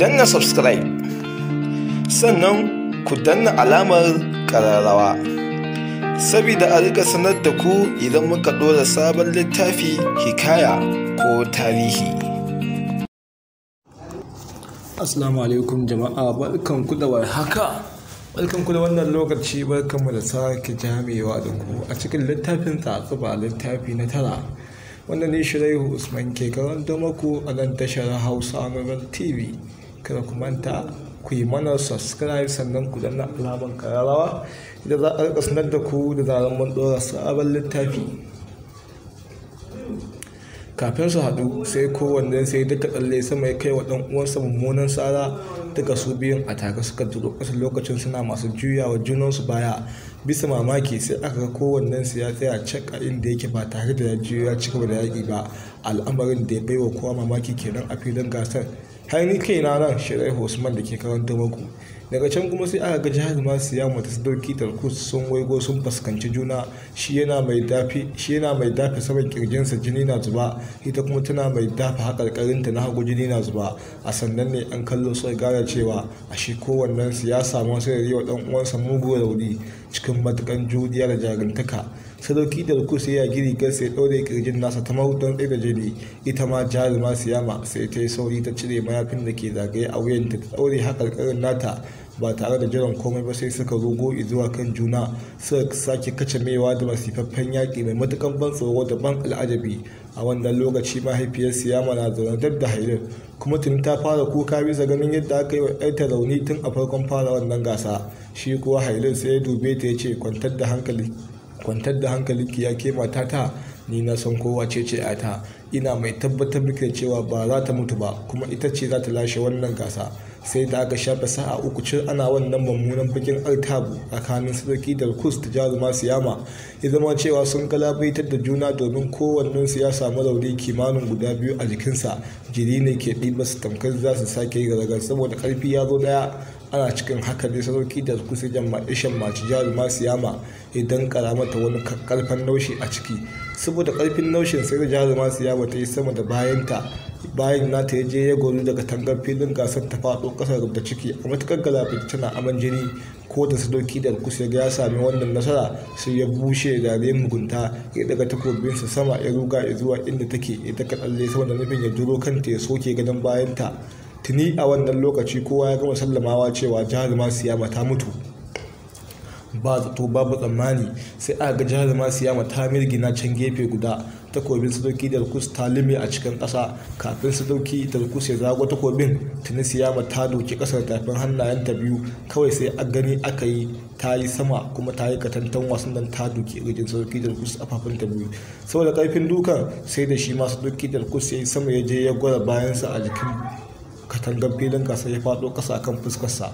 danna subscribe sannan ku danna alamar kararrawa saboda a rika sanar da ku idan muka ɗora sabon littafi hikaya ko tarihi assalamu alaikum jama'a barkan ku da warhaka barkan ku da wannan lokaci barkan mu da sake jamewa da ku a cikin littafin tsatsuba littafi na tara wanda ne shirayu usman ke karanta maku a nan tashar hausa na tv kada ku manta ku yi mana subscribe sannan ku danna alamar kararrawa idan za a rika sanar da ku da zaran mun ɗora sabon littafi kafin su haɗu sai kowanne sai duka tsalle sama ya kai wa ɗan uwansa mummunan tsara duka su biyun a tare suka duro ƙasa lokacin suna masu juya wa junansu baya bisa mamaki sai aka ga kowannen su ya tsaya cak a inda yake ba tare da ya juya ya ci gaba da yaƙi ba al'amarin da ya bai wa kowa mamaki kenan a filin gasar har ni kai na nan shirai usman da ke karanta maku daga can kuma sai aka ga jihar masu yamma ta sadauki talkus sun waigo sun fuskanci juna shi yana mai dafi saman kirjinsa jini na zuba ita kuma tana mai dafa karinta na hagu jini na zuba a sannan ne an kallo sai gane cewa a shi kowannen siyasa ya samu yi wa ɗan uwansa mugu rauni cikin matukan juriya da jarintaka sadauki da rukus ya giri gar sai ɗaure kirjin nasa ta mahu don da jini ita ma jaruma siyama sai ta yi sauri ta cire mayafin da ke zagaye a wuyan ta ɗaure haƙarƙarin nata ba tare da jiran komai ba sai suka rogo zuwa kan juna suka sake kace mewa da masifaffen yaƙi mai matukan ban tsoro da ban al'ajabi a wannan lokaci mahaifiyar siyama na zaune dab da hailin kuma tuni ta fara kuka bisa ganin yadda aka yi wa yarta rauni tun a farkon fara wannan gasa shi kuwa hailin sai ya dube ta ya ce kwantar da hankali kwantar da hankalinki ya ke matata ni na san kowa ce ce ta ina mai tabbatar miki da cewa ba za ta mutu ba kuma ita ce za ta lashe wannan gasa sai da aka shafe sa'a uku cin ana wannan mummunan bikin altabu tsakanin sarki da kus da jaruma siyama ya zama cewa sun galabaitar da juna domin kowannensu ya samu rauni kimanin guda biyu a jikinsa jiri ne ke ɗiba su tamkar za su sake yi saboda ƙarfi ya zo ɗaya ana cikin haka ne sarauki da kusa jamma ishan masu masu siyama idan kara mata wani karfan naushi a ciki saboda karfin naushin sai da jaru masu siyama ta yi sama da bayanta bayan na ta je ya gori daga tangar filin gasar ta faɗo ƙasar da ciki a matukar galafin tana aman jini ko da sadauki da kusa ya sami wannan nasara sai ya bushe da mugunta ya daga takobinsa sama ya ruga zuwa inda take ya taka tsalle sama da nufin ya duro kanta ya soke gadon bayanta tuni a wannan lokaci kowa ya gama sallamawa cewa jihar siyama ta mutu ba zato babu tsammani sai aka ga jaruma siyama ta mirgina can gefe guda takobin sadauki rukus ta lime a cikin kasa kafin sadauki rukus ya zago takobin tuni siyama ta doki ƙasar tafin hannayenta biyu kawai sai a gani aka yi ta yi sama kuma ta yi katantan wasan nan ta doki rijin sadauki rukus a ta biyu saboda karfin dukan sai da shi ma da rukus ya yi sama ya je ya gwada bayansa a jikin katangar filin kasa ya faɗo ƙasa kan fuskarsa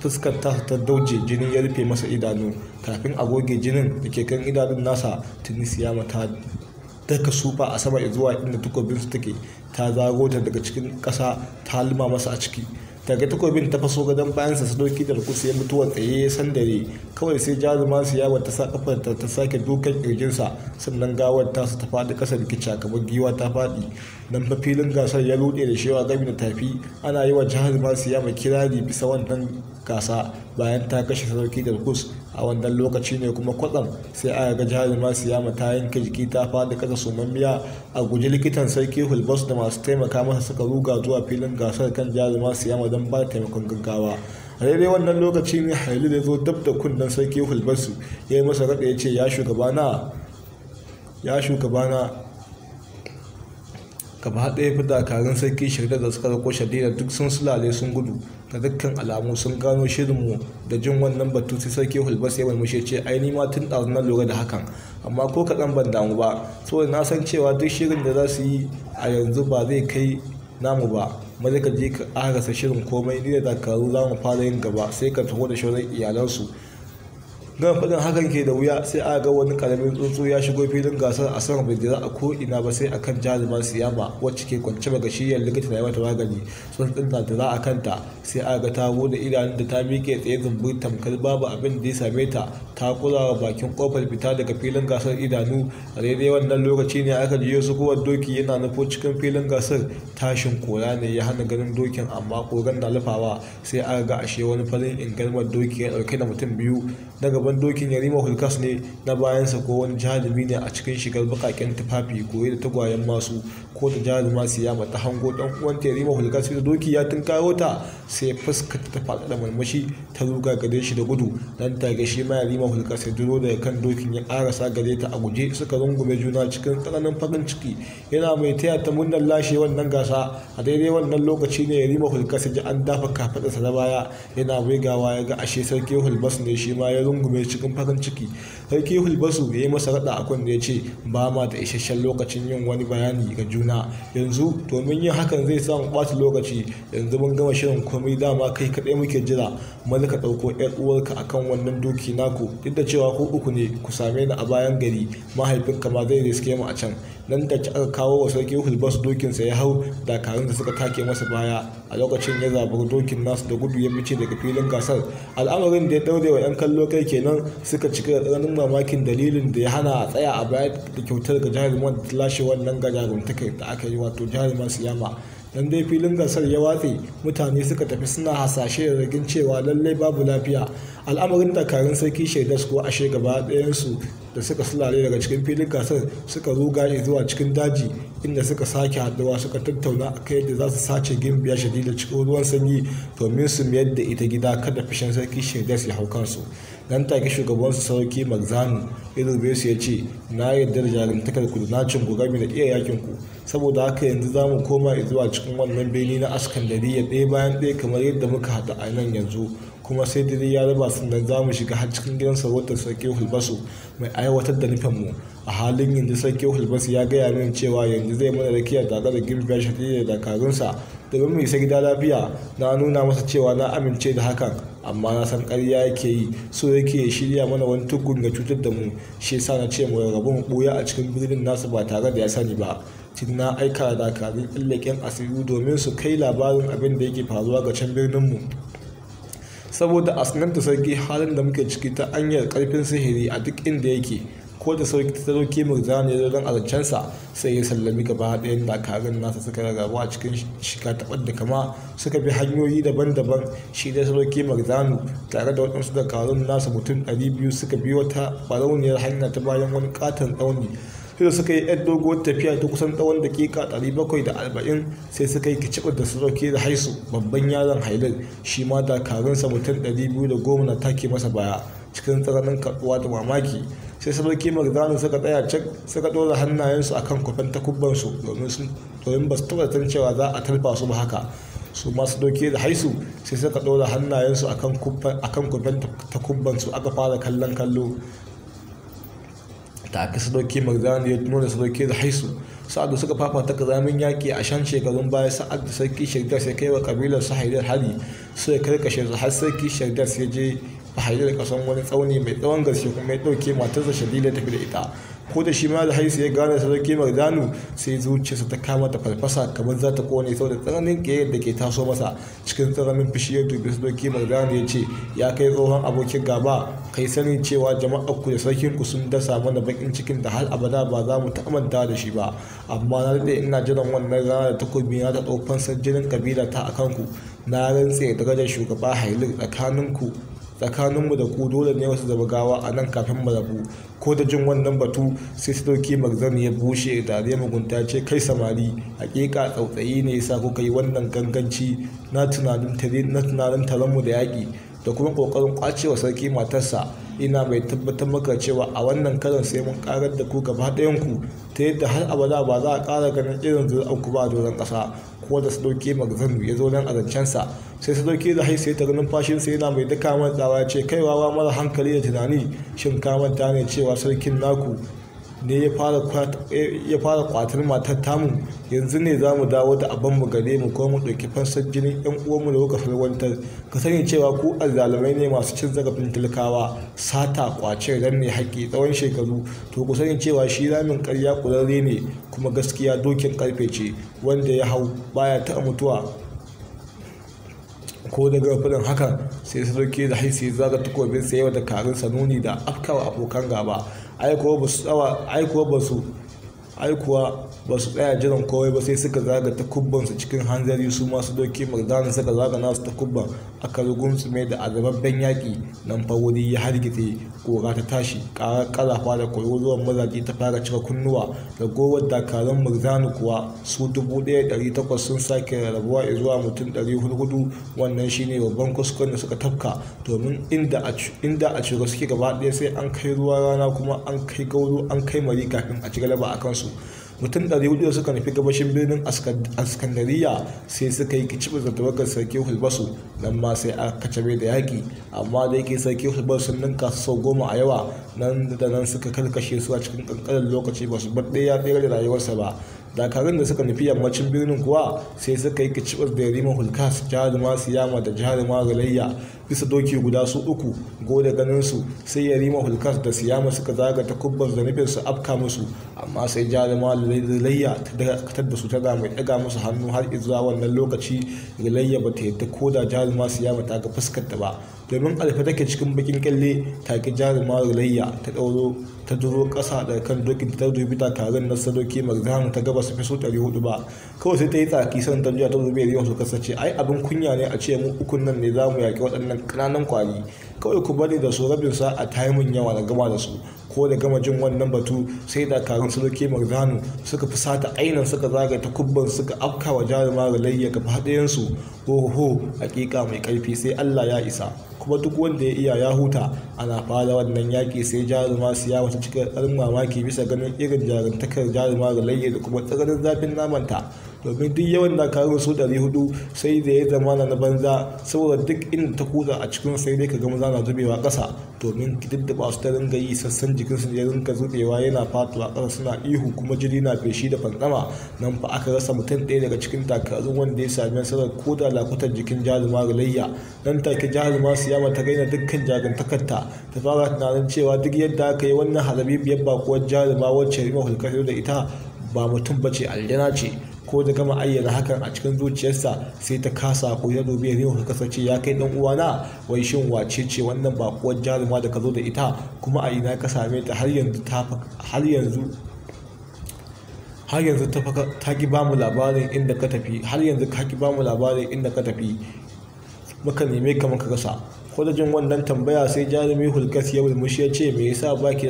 fuskar ta ta dauje jini ya rufe masa idanu kafin a goge jinin da ke kan idanun nasa tunisiyama mata daga sufa a sama zuwa inda takobin su take ta zago ta daga cikin ƙasa ta halima masa a ciki daga takobin ta faso gadon bayan sa sadauki da rukusu ya mutuwa tsaye ya sandare kawai sai jaruma su yawa ta sa kafar ta sake dukan kirjinsa sannan gawar ta su ta faɗi ƙasa rikica kamar giwa ta faɗi nan fa filin gasar ya rude da shewa gami da tafi ana yi wa jihar masu mai kirari bisa wannan gasa bayan ta kashe sarki da kus a wannan lokaci ne kuma kwatsam sai aka ga jihar siyama ta yanke jiki ta fada kasa sumammiya a guji likitan sarki hulbus da masu taimaka masa suka ruga zuwa filin gasar kan jihar masiyama don ba taimakon gaggawa a daidai wannan lokaci ne halilu da zo dab da kunnen sarki hulbasu ya yi masa raɗa ya ce ya shugabana ya shugabana gaba ɗaya fi dakarun sarki shirya da suka rako shadida duk sun sulale sun gudu ga dukkan alamu sun gano shirinmu da jin wannan batu sai sarki hulbas ya murmushe ce ai ma tun ɗazu na lura da hakan amma ko kaɗan ban damu ba saboda na san cewa duk shirin da za su yi a yanzu ba zai kai namu ba maza ka je ka arasa shirin komai ni da dakaru za mu fara yin gaba sai ka taho da shauran iyalansu gan faɗin hakan ke da wuya sai a ga wani karamin tsuntsu ya shigo filin gasar a sama bai a ko ina ba sai akan jarumar siyama wacce ke kwance ga shiyar likita na mata magani tsuntsun na za a kanta sai a ga ta bude idanun da ta miƙe tsaye zumbur tamkar babu abin da ya same ta ta kula wa bakin kofar fita daga filin gasar idanu a daidai wannan lokaci ne aka jiyo su kowa doki yana nufo cikin filin gasar tashin kora ne ya hana ganin dokin amma koran na lufawa sai aka ga ashe wani farin ingarmar doki ya dauke da mutum biyu na gaba kamar dokin ya rima hulkas ne na bayansa ko wani jarumi ne a cikin shigar bakaken tufafi ko da tagwayen masu ko da jaruma siya mata hango dan uwanta yarima rima hulkas da doki ya tun kawo ta sai fuskar ta faɗa da marmashi ta ruga gare shi da gudu ta ga shi ma ya rima hulkas ya duro daga kan dokin ya karasa gare ta a guje suka rungume juna cikin tsananin farin ciki yana mai taya ta murnar lashe wannan gasa a daidai wannan lokaci ne ya rima hulkas ya ji an dafa sa na baya yana waigawa ya ga ashe sarki hulbas ne shi ma ya rungume mai shigan farin ciki sarki hulbasu ya yi masa raɗa a kunne ya ce ba ma da isasshen lokacin yin wani bayani ga juna yanzu domin yin hakan zai samu ɓata lokaci yanzu mun gama shirin komai dama kai kaɗai muke jira maza ka ɗauko ƴar uwarka a kan wannan doki naku duk da cewa ko uku ne ku same ni a bayan gari mahaifinka ma zai riske mu a can nan da aka kawo wa sarki hulbas dokinsa ya hau dakarun da suka take masa baya a lokacin ya zabar dokin nasu da gudu ya mice daga filin gasar al'amarin da ya daure wa 'yan kallo kai kenan suka cika da tsananin mamakin dalilin da ya hana a tsaya a baya da kyautar ga jaruman da lashe wannan ga jarumtakai da aka yi wato jaruman siyama don dai filin gasar ya watse mutane suka tafi suna hasashe da ragin cewa lallai babu lafiya al'amarin dakarun sarki shaidas ko ashe gaba ɗayansu da suka sulale daga cikin filin gasar suka ruga zuwa cikin daji inda suka sake haduwa suka tattauna a kai yadda za su sace gimbiya da cikin ruwan sanyi domin su mayar da ita gida kada fishin sarki shaidas ya hau kansu nan take shugabansu sarki magzanu ya su ya ce na yarda da jarumtakar ku da nacin ku game da iya yakin ku saboda haka yanzu za mu koma zuwa cikin wannan beni na askandariya ɗaya bayan ɗaya kamar yadda muka haɗa a nan yanzu kuma sai dare ya raba sannan za mu shiga har cikin gidan sarautar sarki hulbasu mai aiwatar da nufin mu a halin yanzu sarki hulbasu ya gaya min cewa yanzu zai mana rakiya tare da gimbiya shafi da dakarunsa domin mu isa gida lafiya na nuna masa cewa na amince da hakan amma na san ƙarya yake yi so yake ya shirya mana wani tukun ga cutar da mu shi yasa na ce mai rabon ɓoya a cikin birnin nasu ba tare da ya sani ba tun na aika da dakarun ƙallaken asiri domin su kai labarin abin da yake faruwa ga can birnin mu saboda da sarki halin da muke ciki ta hanyar karfin sihiri a duk inda yake ko da sauki ta dauke murza ne don azancensa sai ya sallami gaba ɗayan dakarun nasa suka rarrabu a cikin shiga taɓar da kama suka bi hanyoyi daban-daban shi da sarauki marzanu tare da waɗansu da karun nasa mutum ɗari biyu suka bi wata barauniyar hanya ta bayan wani katon tsauni sai suka yi yan doguwar tafiya ta kusan tsawon dakika arba'in sai suka yi kicibar da sarauki da haisu babban yaron hailal shi ma da dakarunsa mutum ɗari biyu da goma na take masa baya cikin tsananin kaɗuwa da mamaki sai kimar zanen suka tsaya cik suka ɗora hannayensu akan kwafan takubbansu domin ba su zaton cewa za a tarfa su ba haka su masu doke da haisu sai suka ɗora hannayensu akan kwafan takubbansu aka fara kallon kallo ta aka sadauki magdani ya nuna sadauki da haisu sa'adu suka fafata kazamin yaƙi a shan shekarun baya sa'ad da sarki shagdas ya kai wa kabilar su haidar hari ya karkashe su har sarki shagdas ya je ba haidu da kasan wani tsauni mai tsawon gaske kuma ya ɗauke matarsa shadila tafi da ita ko da shi ma da haisu ya gane sarki zanu sai zuciyarsa ta kama ta farfasa kamar za ta kone saboda tsananin ƙiyayyar da ke taso masa cikin tsananin fushi dubi sadauki sarki zanu ya ce ya kai tsohon abokin gaba kai sanin cewa jama'a ku da sarkin ku sun dasa mana bakin cikin da har abada ba za mu ta'amanta da shi ba amma na daɗe ina jiran wannan rana da takobi na ta ɗaukan jinin kabila ta akan ku na rantse da darajar shugaba hailu ku tsakaninmu da ku dole ne wasu zabagawa a nan kafin mu rabu ko da jin wannan batu sai su dauki magzan ya bushe da tare mugunta ce kai samari hakika tsautsayi ne yasa kuka yi wannan ganganci na tunanin mu da yaƙi da kuma kokarin kwacewa sarki matarsa ina mai tabbatar maka cewa a wannan karon sai mun karar da ku gaba ɗayan ku ta yadda har abada ba za a ƙara ganin irin zuwa ku ba doron ƙasa wanda su dauke magazin ya zo nan a zancensa sai su dauke da sai ta numfashin sai yana mai duka mantsawa ya ce kai wawa mara hankali da tunani shin ka manta ne cewa sarkin naku ne ya fara kwatar matar tamu yanzu ne za mu dawo da abin mu gare mu ko mu ɗauki fansar jinin yan uwanmu da kuka farwantar ka sani cewa ku azzalumai ne masu cin zarafin talakawa sata kwace dan ne haƙƙi tsawon shekaru to ku sani cewa shi ramin ƙarya ƙurarre ne kuma gaskiya dokin karfe ce wanda ya hau baya ta mutuwa ko daga fadin haka sai sarki da haisi zaga takobin sayewa da karin nuni da afkawa abokan gaba Aikuwa ba su aikowa ba su tsaya jiran kowai ba sai suka zaga ta su cikin hanzari su masu doki magdanin suka zaga nasu ta kubban aka mai da azababben yaki nan fa wuri ya hargitse kora ta tashi kara kalafa da koyo zuwan mazaje ta fara cika kunnuwa ragowar dakarun murjani kuwa su dubu ɗaya ɗari takwas sun sake rarrabuwa zuwa mutum ɗari hudu wannan shine babban kuskuren da suka tafka domin inda a ciro suke gaba ɗaya sai an kai ruwa rana kuma an kai gauru an kai mari kafin a ci galaba a kansu mutum 400 suka nufi gabashin birnin askandariya sai suka yi kicibi da tawagar sarki hulbasu nan ma sai a kacabe da yaki amma da yake sarki hulbasu sun ninka su sau goma a yawa nan da nan suka karkashe su a cikin ƙanƙanin lokaci ba su bar ɗaya ɗaya da rayuwarsa ba dakarun da suka nufi yammacin birnin kuwa sai suka yi kicibas da riman hulkas jaruma siyama da jaruma galayya bisa doki guda su uku goda ganin su sai yarima hulkas da siyama suka zaga ta kubbar da nufin su afka musu amma sai jaruma galayya ta dakatar da su ta ga mai daga musu hannu har izuwa wannan lokaci galayya ba ta yadda ko da jaruma siyama ta ga fuskar ta ba domin alfa take cikin bakin kyalle take jaruma galayya ta ɗauro ta duro ƙasa da kan dokin ta dubi takarun na sadoki magana ta gaba su fi so ɗari hudu ba kawai sai ta yi tsaki san ta ta dubi riyon su kasa ce ai abin kunya ne a ce mu ukun nan ne za mu yaƙi waɗannan ƙananan kwari kawai ku bari da su rabin sa a taimun yawa na gama da su ko da gama jin wannan batu sai dakarun sadoki magana suka fi sata ainihin suka zaga ta kubban suka afka wa jarumar layya gaba ɗayansu ho ho hakika mai ƙarfi sai allah ya isa kuma duk wanda ya iya ya huta ana fara wannan yaƙi sai jaruma ya wata cikin ɗan mamaki bisa ganin irin jarumtakar jaruma da da kuma tsananin zafin namanta domin duk yawan da ka su ɗari hudu sai da ya zama na banza saboda duk inda ta kusa a cikin sai dai ka gama zana na zubewa kasa domin ba su ta ringa yi sassan jikinsu ya ringa zubewa yana fatuwa kasa suna ihu kuma jiri na feshi da fantsama nan fa aka rasa mutum ɗaya daga cikin takarun wanda ya sami nasarar ko da lakutan jikin jaruma galayya nan take jaruma yama ta gaina dukkan jagantakarta ta fara tunanin cewa duk yadda aka yi wannan ba bakuwar jaruma wacce rima hulkar da ita ba mutum ba ce aljana ce ko da gama ayyana hakan a cikin zuciyarsa sai ta kasa ko ya dubi ya kasance ya kai dan uwana wai shin wace ce wannan bakuwar jaruma da ka zo da ita kuma a ina ka same ta har yanzu ta har yanzu har yanzu ta ki bamu labarin inda ka tafi har yanzu ka ki bamu labarin inda ka tafi muka neme ka muka rasa ko wannan tambaya sai jarumi hulkas ya mulmushi ya ce me yasa baki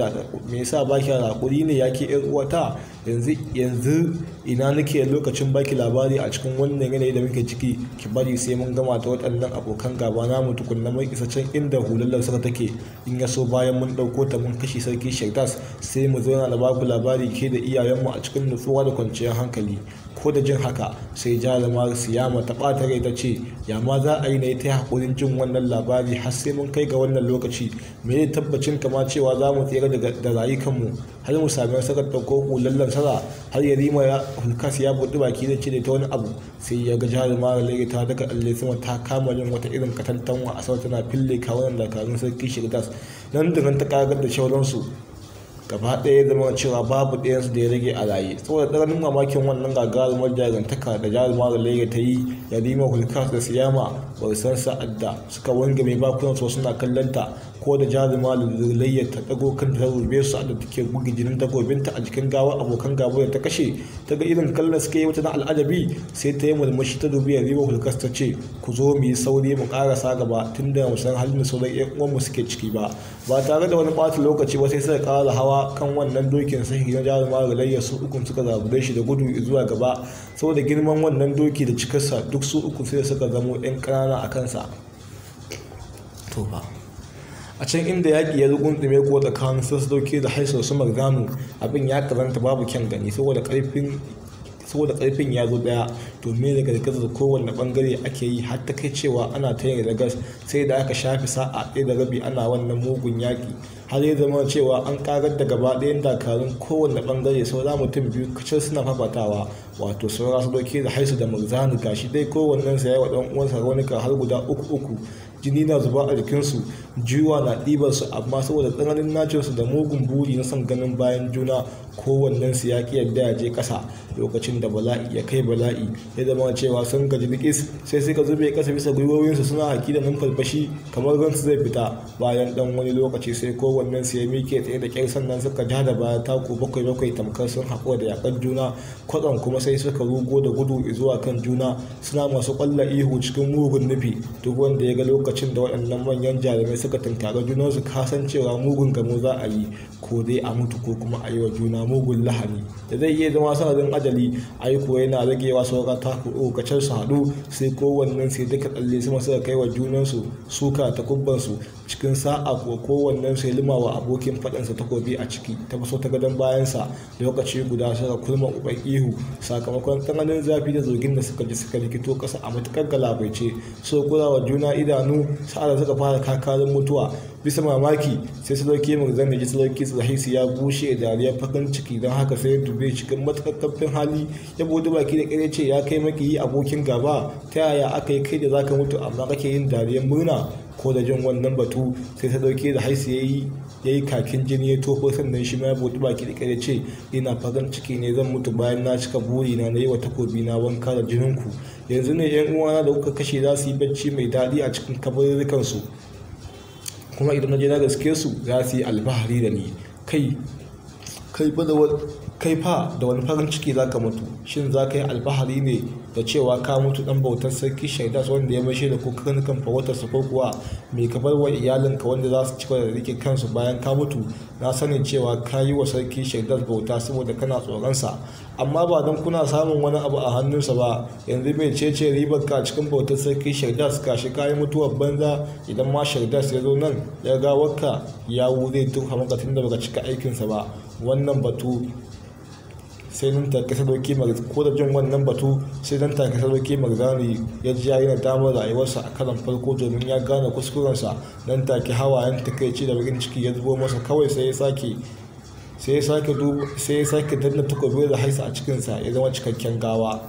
me yasa hakuri ne yake yar uwata yanzu yanzu ina nake lokacin baki labari a cikin wannan yanayi da muke ciki ki bari sai mun gama ta waɗannan abokan gaba na mu tukunna mai isa can inda hulallar suka take in ya so bayan mun ɗauko ta mun kashe sarki shaitas sai mu zauna da baku labari ke da iyayenmu a cikin nutsuwa da kwanciyar hankali ko da jin haka sai jarumar siyama ta ɓata rai ta ce ya ma za a yi na ta haƙurin jin wannan labari har sai mun kai ga wannan lokaci me ne tabbacin kama cewa za mu tsira da rayukanmu har mu sami nasarar ɗauko lallan lansara har ya rima ya hulkas ya buɗi baki da ce da ta wani abu sai ya ga jarumar lege ta daga alle sama ta kama yin wata irin katantanwa a sama tana fille kawunan dakarun sarki shirdas nan da nan ta kagar da shauransu gaba ɗaya zama cewa babu ɗayan su da ya rage a raye saboda ɗaranin mamakin wannan gagarumar jagantaka da jarumar lege ta yi yarima hulkas da siyama ba san sa'adda suka wanga mai bakunan su suna kallon ta ko da jaruma layyar ta dago kan ta rube su da take bugi jinin dagobinta a jikin gawa abokan gawa da ta kashe ta ga irin kallon suke yi mata na al'ajabi sai ta yi murmushi ta dubi riba hulkas ta ce ku zo mu yi sauri mu karasa gaba tun da mu san halin da sauran yan uwanmu suke ciki ba ba tare da wani ɓata lokaci ba sai suka kara hawa kan wannan dokin sai gidan jaruma layyar su ukun suka zabure shi da gudu zuwa gaba saboda girman wannan doki da cikarsa duk su uku sai suka zamo yan ƙanana a kansa. To a can inda yaƙi ya ɗume ko tsakanin sun dauke da haisar su marzamu abin ya karanta babu kyan gani saboda karfin saboda karfin ya zo daya domin daga da kowane bangare ake yi har ta kai cewa ana ta yin ragas sai da aka shafi sa'a ɗaya da rabi ana wannan mugun yaƙi har ya zama cewa an karar da gaba ɗayan dakarun kowane bangare saura mutum biyu kacal suna fafatawa wato saura su dauke da haisu da murzani gashi dai kowannen sa wa ɗan uwansa raunuka har guda uku uku jini na zuba a jikinsu jiwa na ɗibarsu amma saboda tsananin nacinsu da mugun buri na son ganin bayan juna kowannen su ya ki yadda ya je kasa lokacin da bala'i ya kai bala'i ya zama cewa sun gaji nikis sai suka zube kasa bisa gwiwoyinsu suna haki da numfarfashi kamar ransu zai fita bayan dan wani lokaci sai kowannen su ya mike tsaye da kyar sannan suka ja da baya taku bakwai bakwai tamkar sun haƙo da yakan juna kwatsam kuma sai suka rugo da gudu zuwa kan juna suna masu kwalla ihu cikin mugun nufi duk wanda ya ga lokacin da waɗannan manyan jarumai suka juna junansu kasancewa mugun gamo za a yi ko dai a mutu ko kuma a yi wa juna mugun lahani da zai iya zama sanadin ajali kuwa yana ragewa sauran taku ɗaukacin su haɗu sai kowannen sai duka tsalle sama suka kai wa junansu suka ta kubbansu cikin sa'a ko kowannen sai lima wa abokin faɗansa takobi a ciki ta faso ta gadon bayansa lokaci guda suka kulma uban ihu sakamakon tsananin zafi da zogin da suka ji suka likito ƙasa a matuƙar galabaice so kula wa juna idanu sa'ada suka fara kakarin mutuwa bisa mamaki sai su dauke mu zan ji sadauki su ya bushe da dariyar farin ciki don haka sai dube cikin matuƙar kafin hali ya bude baki da ƙare ce ya kai maki abokin gaba ta yaya aka yi kai da zaka mutu amma kake yin dariyar murna ko da jin wannan batu mutu sai ta dauke da haisu yayi yayi kakin jini ya tofo sannan shi ma ya bude baki da kare ce ina farin ciki ne zan mutu bayan na cika buri na yi wa takobi na wanka da jinin ku yanzu ne yan uwana da kuka kashe za su yi bacci mai daɗi a cikin kabarurukan su kuma idan na je na gaske su za su yi alfahari da ni kai kai fa da wani farin ciki za ka mutu shin za ka yi alfahari ne da cewa ka mutu dan bautar sarki shaidas wanda ya mashe da ko karnukan farautarsa ko kuwa mai kabar wa iyalinka wanda za su cika da rike kansu bayan ka mutu na sanin cewa ka yi wa sarki shaidas bauta saboda kana tsoronsa amma ba don kuna samun wani abu a hannunsa ba yanzu mai cece ribar ka cikin bautar sarki shaidas ka shi kayi mutuwar banza idan ma shaidas ya zo nan ya wakka ya zai tun hamakatun tun da baka cika aikinsa ba wannan batu sai nan take sadauki ko da jin wannan batu sai nan take sadauki magzani ya ji yayi nadama rayuwarsa a karan farko domin ya gane kuskurensa nan take hawayen takaici da bakin ciki ya zubo masa kawai sai ya sake sai ya sake sai ya sake danna takobi da haisa a cikinsa ya zama cikakken gawa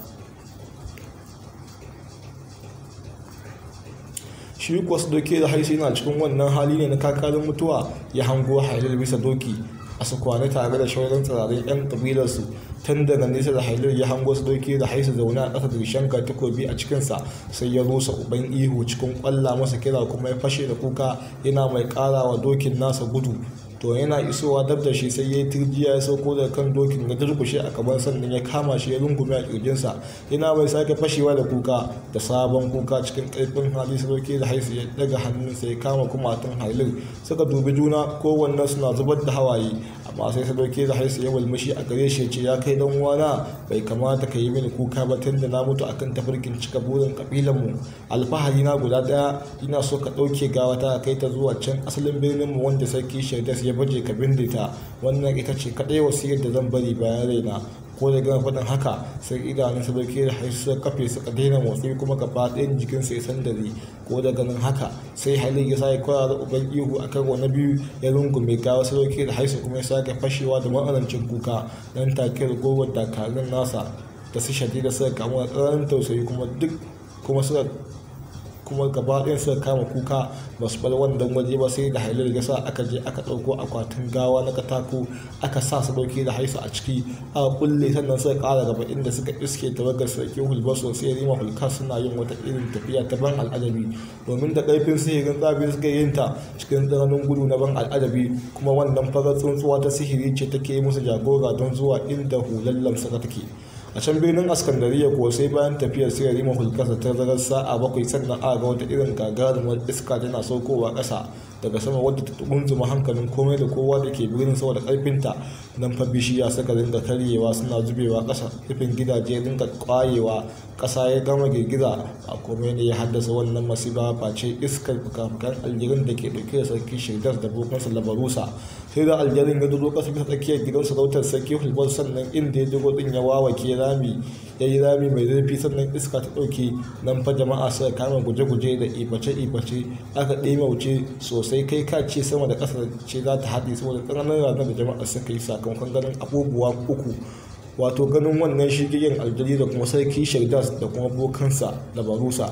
shi kuwa su doke da haisa yana cikin wannan hali ne na kakarin mutuwa ya hango hailal bisa doki a su kwane tare da shauran tsirarin 'yan kabilarsu tun daga nesa da hailu ya hango su doki da haisu zaune a ƙasa dirshen ka takobi a cikinsa sai ya rusa uban ihu cikin ƙwalla masa kira kuma ya fashe da kuka yana mai ƙara wa dokin nasa gudu to yana isowa dab da shi sai ya yi turjiya ya sauko da kan dokin ya durkushe a kamar sannan ya kama shi ya rungume a kirjinsa yana bai sake fashewa da kuka da sabon kuka cikin karfin hali sarauke da haisu ya daga hannunsa ya kama kumatun halin suka dubi juna kowanne suna zubar da hawaye amma sai sadauke zahar su yawal mashi a gare shi ce ya kai dan uwana bai kamata ka yi mini kuka ba tunda na mutu akan tafarkin cika burin kabilan mu alfahari na guda daya ina so ka dauke gawa ta kai ta zuwa can asalin birnin mu wanda sarki shaidas ya baje ka bindita wannan ita ce kadai wasiyar da zan bari bayan raina ko da gama faɗin haka sai idanun su barke da haisu suka kafe suka daina motsi kuma gaba ɗayan jikinsu ya sandare ko da ganin haka sai halin ya sake kwara da uban ihu a kan wani biyu ya rungume gawa sarauke da haisu kuma ya sake fashewa da ma'anancin kuka nan take ragowar dakarun nasa da su shadi da suka kamu da tsananin tausayi kuma duk kuma suka kuma gaba ɗaya suka kama kuka masu bar waje ba sai da hailar ya sa aka je aka ɗauko akwatin gawa na katako aka sa su ɗauke da haisa a ciki aka kulle sannan suka ƙara gaba inda suka iske tawagar sarki hulba sosai rima hulka suna yin wata irin tafiya ta ban al'ajabi domin da ƙarfin sihirin tsabi suka yin ta cikin tsananin gudu na ban al'ajabi kuma wannan farar tsuntsuwa ta sihiri ce take musu jagora don zuwa inda hulallar suka take a can birnin askandariya kuwa sai bayan tafiyar sai rima hulkasa ta zarar sa'a bakwai sannan a ga wata irin gagarumar iska tana saukowa ƙasa daga sama wadda ta gunzuma hankalin komai da kowa da ke birnin saboda karfinta nan fa bishiya suka dinga karyewa suna zubewa ƙasa rufin gidaje dinga kwayewa ƙasa ya gama girgiza a komai ne ya haddasa wannan masiba face iskar fuka-fukan aljirin da ke ɗauke da sarki shirdar da bokansa labarusa sai da aljarin ya duro ta bisa tsakiyar gidan sarautar sarki hulbar sannan inda ya jigo din ya wawake rami ya yi rami mai zurfi sannan iska ta ɗauke nan fa jama'a suka kama guje-guje da ibace-ibace aka ɗeme wuce sosai kai ka ce sama da ƙasar ce za ta haɗe saboda tsananin ranar da jama'a suka yi sakamakon ganin abubuwa uku wato ganin wannan shigigin aljari da kuma sarki shaidas da kuma bokansa da barusa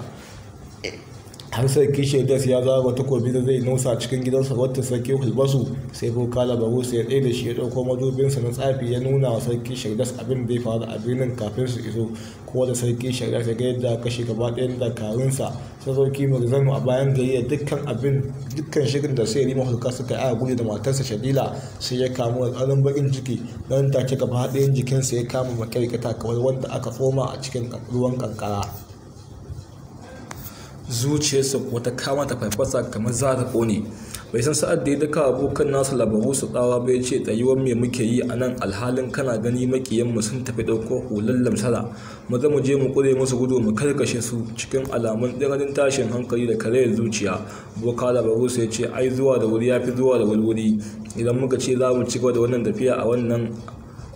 har sai kishiyar das ya zaga takobi da zai nusa cikin gidansa wata sarki hulbasu sai ko kala bahu ya tsaye da shi ya ɗauko madubinsa na tsafi ya nuna wa sarki shaidas abin da ya faru a birnin kafin su iso ko da sarki shaidas ya ga da kashe gaba ɗayan dakarunsa sai sarki zanu a bayan gari ya dukkan abin dukkan shirin da sai rima hulka suka yi a gudu da matarsa shadila sai ya kamu da tsarin bakin ciki nan take gaba ɗayan jikinsa ya kama makarikata kamar wanda aka foma a cikin ruwan kankara. zuciyarsa ko ta kama ta farfasa kamar za ta kone bai san sa'ad da ya daka abokan nasa labaru su tsawa bai ce tsayuwar me muke yi a nan alhalin kana gani makiyan mu sun tafi ɗauko hulan lamsara maza mu je mu ƙure musu gudu mu karkashe su cikin alamun tsananin tashin hankali da karayar zuciya boka labaru ya ce ai zuwa da wuri ya fi zuwa da wuri idan muka ce za mu ci gaba da wannan tafiya a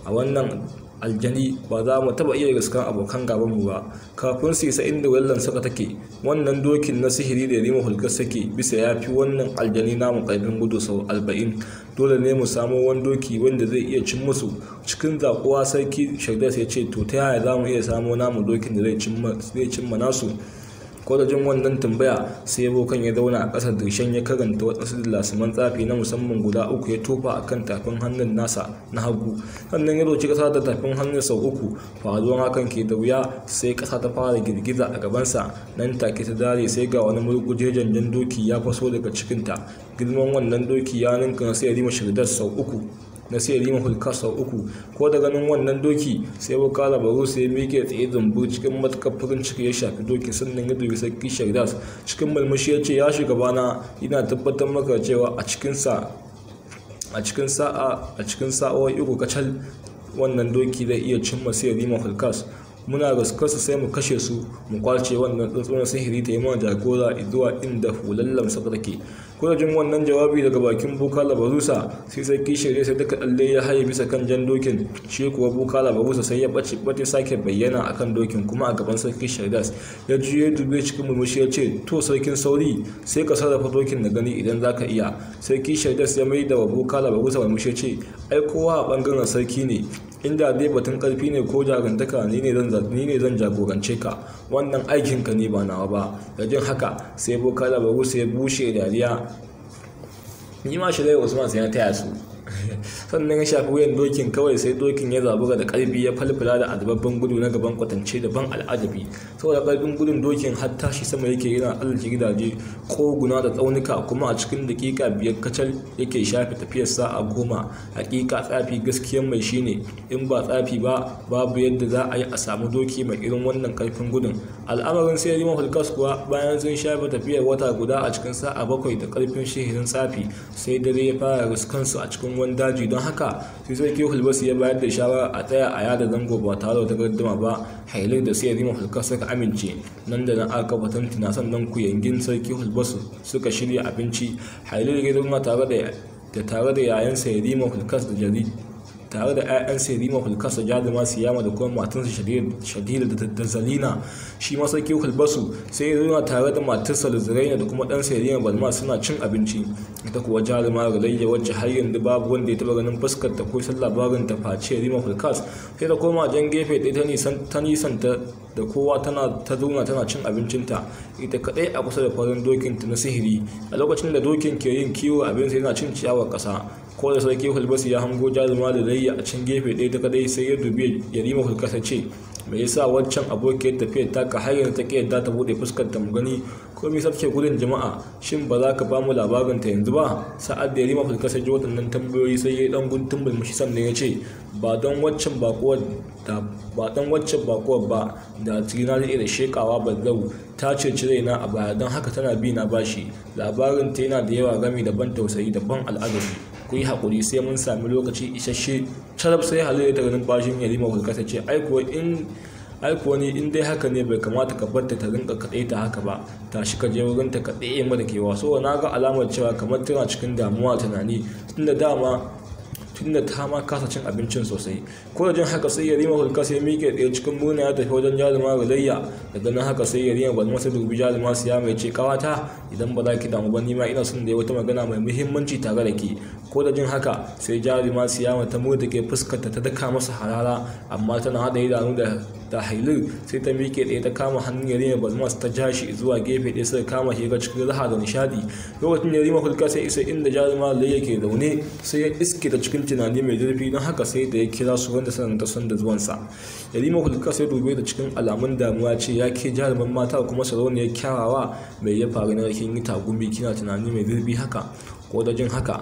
a wannan aljani ba za mu taba iya gaskan abokan gaban mu ba kafin su isa inda wallan saka take wannan dokin na sihiri da rima hulkar sake bisa ya fi wannan aljani namu karfin gudu sau alba'in dole ne mu samo wani doki wanda zai iya cin musu cikin zakuwa sarki shagdas ya ce to ta yaya za mu iya samo namu dokin da zai cimma nasu ko da jin wannan tambaya sai bokan ya zauna a ƙasar dushen ya karanta waɗansu lasuman tsafi na musamman guda uku ya tofa a kan tafin hannun nasa na hagu sannan ya roci kasa da tafin hannun sau uku faruwan hakan ke da wuya sai kasa ta fara girgiza a gabansa nan take ta dare sai ga wani murguje janjan doki ya faso daga cikinta girman wannan doki ya ninka sai ya rima shirdar sau uku na sai rimahul kasa uku ko da ganin wannan doki sai wakala baro sai mike tsaye zambu cikin matuƙar farin ciki ya shafi doki sannan ya doki sarki das cikin malmashi ya ce ya shiga bana yana tabbatar maka cewa a cikin sa'a a cikin sa'o'i uku kacal wannan doki zai iya cimma sai rima hulkas muna gaskarsa sai mu kashe su mu kwace wannan tsuntsunan sihiri ta yi mana jagora zuwa inda hulallam sa take kuna jin wannan jawabi daga bakin boka labarusa sai sarki shirye sai duka alle ya haye bisa kan jan dokin shi kuwa boka labarusa sai ya bace bace sake bayyana akan dokin kuma a gaban sarki shaidas ya juye ya cikin murmushi ya ce to sarkin sauri sai ka sarrafa dokin na gani idan za ka iya sarki shaidas ya mai da boka labarusa murmushi ya ce ai kowa a bangaren sarki ne inda dai batun ƙarfi ne ko jagantaka ni ne zan jagorance ka wannan aikin ka ne ba nawa ba da jin haka sai bokala ba sai bushe dariya ni ma shi dai usman sai na taya su sannan ya shafi wuyan dokin kawai sai dokin ya zabura da karfi ya falfula da albabban gudu na gaban kwatance da ban al'ajabi saboda karfin gudun dokin har tashi sama yake yana alki gidaje koguna da tsaunuka kuma a cikin dakika biyar kacal yake shafe tafiyar sa'a goma hakika tsafi gaskiyan mai shine in ba tsafi ba babu yadda za a yi a samu doki mai irin wannan karfin gudun al'amarin sai rima falkas kuwa bayan sun shafe tafiyar wata guda a cikin sa'a bakwai da karfin shehirin tsafi sai dare ya fara ruskansu a cikin wani daji don haka sai sarki hulbasi ya bayar da shawara a tsaya a yada zango ba tare da gardama ba hailar da sai ya zima hulka suka amince nan da nan aka kafa na son nan ku yangin sarki hulbasu suka shirya abinci hailar ya zama tare da tare da yayansa ya zima hulkas da jari tare da 'ya'yansa rima hulkarsa jaduma siyama da kuma matansa shadida da zalina shi ma sarki hulbasu sai ya zauna tare da matarsa lizraina da kuma ɗansa rima balma suna cin abinci ita kuwa da galayya wacce har yanzu babu wanda ya taɓa ganin fuskar ta ko san labarin ta face rima hulkas sai da koma jan gefe ɗaya ta nisan ta da kowa tana ta zuna tana cin abincinta ita kaɗai a kusa da farin ta na sihiri a lokacin da dokin ke yin kiwo abin abinsa yana cin ciyawar ƙasa ko da sarki kulbasi ya hango jazuma da layya a cin gefe ɗaya ta kadai sai ya dubi yarima kulkasa ce me yasa waccan abokiyar tafiyar taka har ta take da ta bude fuskar ta gani ko me sabke gudun jama'a shin ba za ka bamu labarin ta yanzu ba sa'ad da yarima kulkasa ji waɗannan tambayoyi sai ya dan guntun bulmushi sannan ya ce ba don waccan bakuwar da ba don waccan bakuwar ba da tirina zai iya shekawa zau ta ce raina a baya don haka tana bi na bashi labarin ta yana da yawa gami daban tausayi daban al'adabi ku yi haƙuri sai mun sami lokaci isasshe sharaf sai halayya ta ganin bashin yalima ku kasance aiko in aiko ne in dai haka ne bai kamata ka barta ta rinka kaɗai ta haka ba tashi ka je wurin ta kaɗai mata kewa so na ga alamar cewa kamar tana cikin damuwa tunani tunda dama tunda ta ma kasa cin abincin sosai ko da jin haka sai ya rima hulka sai miƙe tsaye cikin murna ya tafi wajen jaruma galayya daga nan haka sai ya rima gwalma masa dubi jaruma siya mai ce kawata idan ba za ki damu ba ma ina son da ya wata magana mai muhimmanci tare da ki ko da jin haka sai jaruma siya ta murda ke fuskanta ta daka masa harara amma tana haɗa idanu da da hailu sai ta miƙe ɗaya ta kama hannun yarima balmas ta ja zuwa gefe ɗaya suka kama shi ga cikin raha da nishadi lokacin yarima kulka sai isa inda jaruma da ke zaune sai ya iske ta cikin tunani mai zurfi don haka sai da ya kira su wanda sanar ta son da zuwansa yarima kulka sai dube da cikin alamun damuwa ce ya ke jaruman mata kuma sarauniyar kyawawa mai ya faru na rikin yi tagumi kina tunani mai zurfi haka ko da jin haka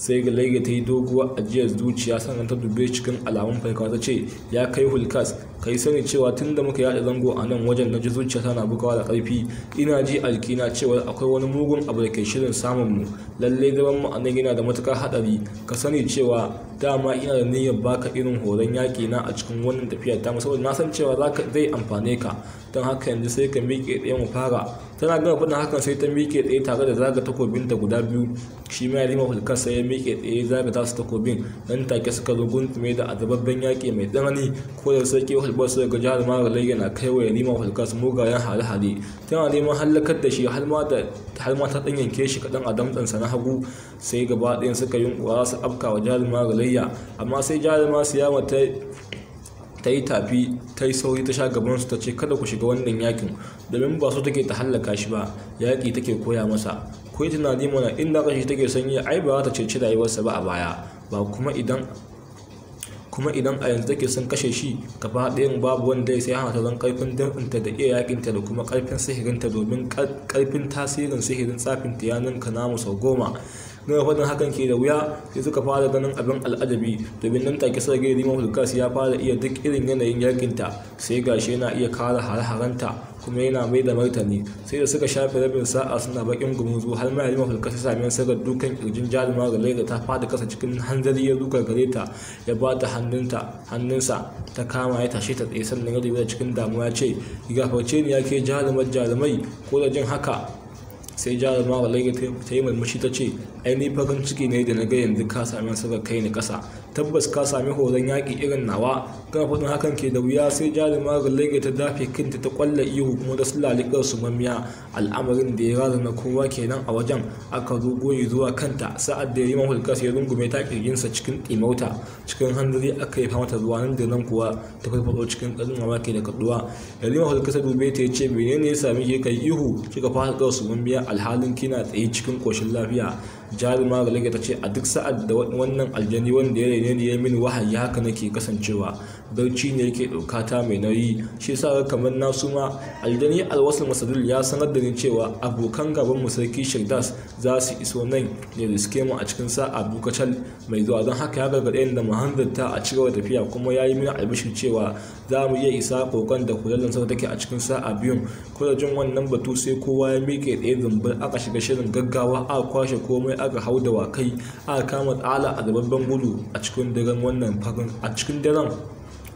sai galayya ta yi doguwa ajiyar zuciya sannan ta dube cikin alamun farkawa ta ce ya kai hulkas kai sani cewa tun da muka yada zango a nan wajen na ji zuciya tana bugawa da karfi ina ji na cewa akwai wani mugun abu da ke shirin samun mu lalle zaman mu a yana da matuƙar hadari ka sani cewa dama ina da niyyar baka irin horon yaƙi na a cikin wannan tafiyar ta saboda na san cewa zai amfane ka don haka yanzu sai ka miƙe tsaye mu fara tana gama faɗin hakan sai ta miƙe tsaye tare da zaga takobin ta guda biyu shi ma yarima hulkar sai ya miƙe tsaye zaga tasu takobin nan take suka zo guntume da azababben yaƙi mai tsanani ko da ke hulbar su ga jihar mara na kai wa yarima hulkar su mugayen hare-hare tana neman hallakar da shi har ma ta ɗan yanke shi kaɗan a damtsansa na hagu sai gaba ɗayan suka yi ƙwara su afka wa jihar mara amma sai jihar masu yawa ta ta yi tafi ta yi sauri ta sha gaban su ta ce kada ku shiga wannan yakin domin ba su take ta hallaka shi ba yaƙi take koya masa ko yi tunani mana inda kashi take sanyi ai ba ta ta ceci rayuwarsa ba a baya ba kuma idan kuma idan a yanzu take son kashe shi gaba ɗayan babu wanda ya sai hana ta zan ƙarfin dafinta da iya yakinta da kuma ƙarfin sihirinta domin karfin tasirin sihirin tsafinta ya ninka namu sau goma na faɗin hakan ke da wuya sai suka fara ganin abin al'ajabi domin nan take sai gari mafi kas ya fara iya duk irin yanayin yankinta sai gashi yana iya kara har-haranta kuma yana mai da martani sai da suka shafe rabin sa'a suna bakin gumurzu har mai ya fulka sai sami sagar dukan kirjin jaruma ga da ta fada kasa cikin hanzari ya duka gare ta ya ba ta hannunta hannunsa ta kama ya tashe ta tsaye sannan ya dubi cikin damuwa ce gafarce ni ya ke jarumar jarumai ko da jin haka sai jarumar lagos ta yi mulmushi ta ce ainihin farin ciki ne da na ga yanzu ka sami nasarar kai ni kasa tabbas ka sami horon yaƙi irin nawa kan faɗin hakan ke da wuya sai jarumar rulege ta dafe kinta ta kwalla ihu kuma da sulalikar su mamiya al'amarin da ya na kowa kenan a wajen aka zo goyi zuwa kanta sa'ad da ya yi riman hulka ya rungume ta kirginsa cikin ɗimauta cikin hanzari aka yi fama ta zuwa nan da nan kuwa ta farfaɗo cikin ƙarin mamaki da kaɗuwa riman hulka ta dube ta ya ce menene ya sami ke kai ihu kika fara ƙarsu mamiya alhalin kina tsaye cikin ƙoshin lafiya jabir ma da ta ce a duk sa'ad da wannan aljani wanda ya rene ya mini wahayi haka nake kasancewa barci ne yake ɗaukata ta mai nauyi shi sa yasa kamar nasu ma aljani alwasul masadul ya sanar da ni cewa abokan gaban mu sarki shirdas za su iso nan ne da suke mu a cikin sa'a bukacal mai zuwa don haka ya gargaɗe da mu hanzarta a cigaba tafiya kuma ya yi mini albishin cewa za mu iya isa kokon da kulallan lantarki take a cikin sa'a biyun ko jin wannan batu sai kowa ya miƙe tsaye zumbul aka shiga shirin gaggawa aka kwashe komai aka hau da wakai aka kama tsala a zababben gudu a cikin daren wannan farin a cikin daren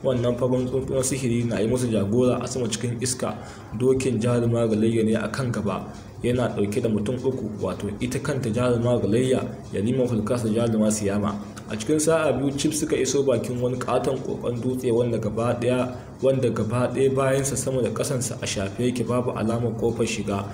wannan farin tsuntsun sihiri na yi musu jagora a sama cikin iska dokin jarumar galayya ne a kan gaba yana dauke da mutum uku wato ita kanta jarumar galayya ya liman hulkasa jarumar siyama a cikin sa'a biyu cif suka iso bakin wani katon kokon dutse wanda gaba daya wanda gaba daya bayansa sama da kasansa a shafe yake babu alamar kofar shiga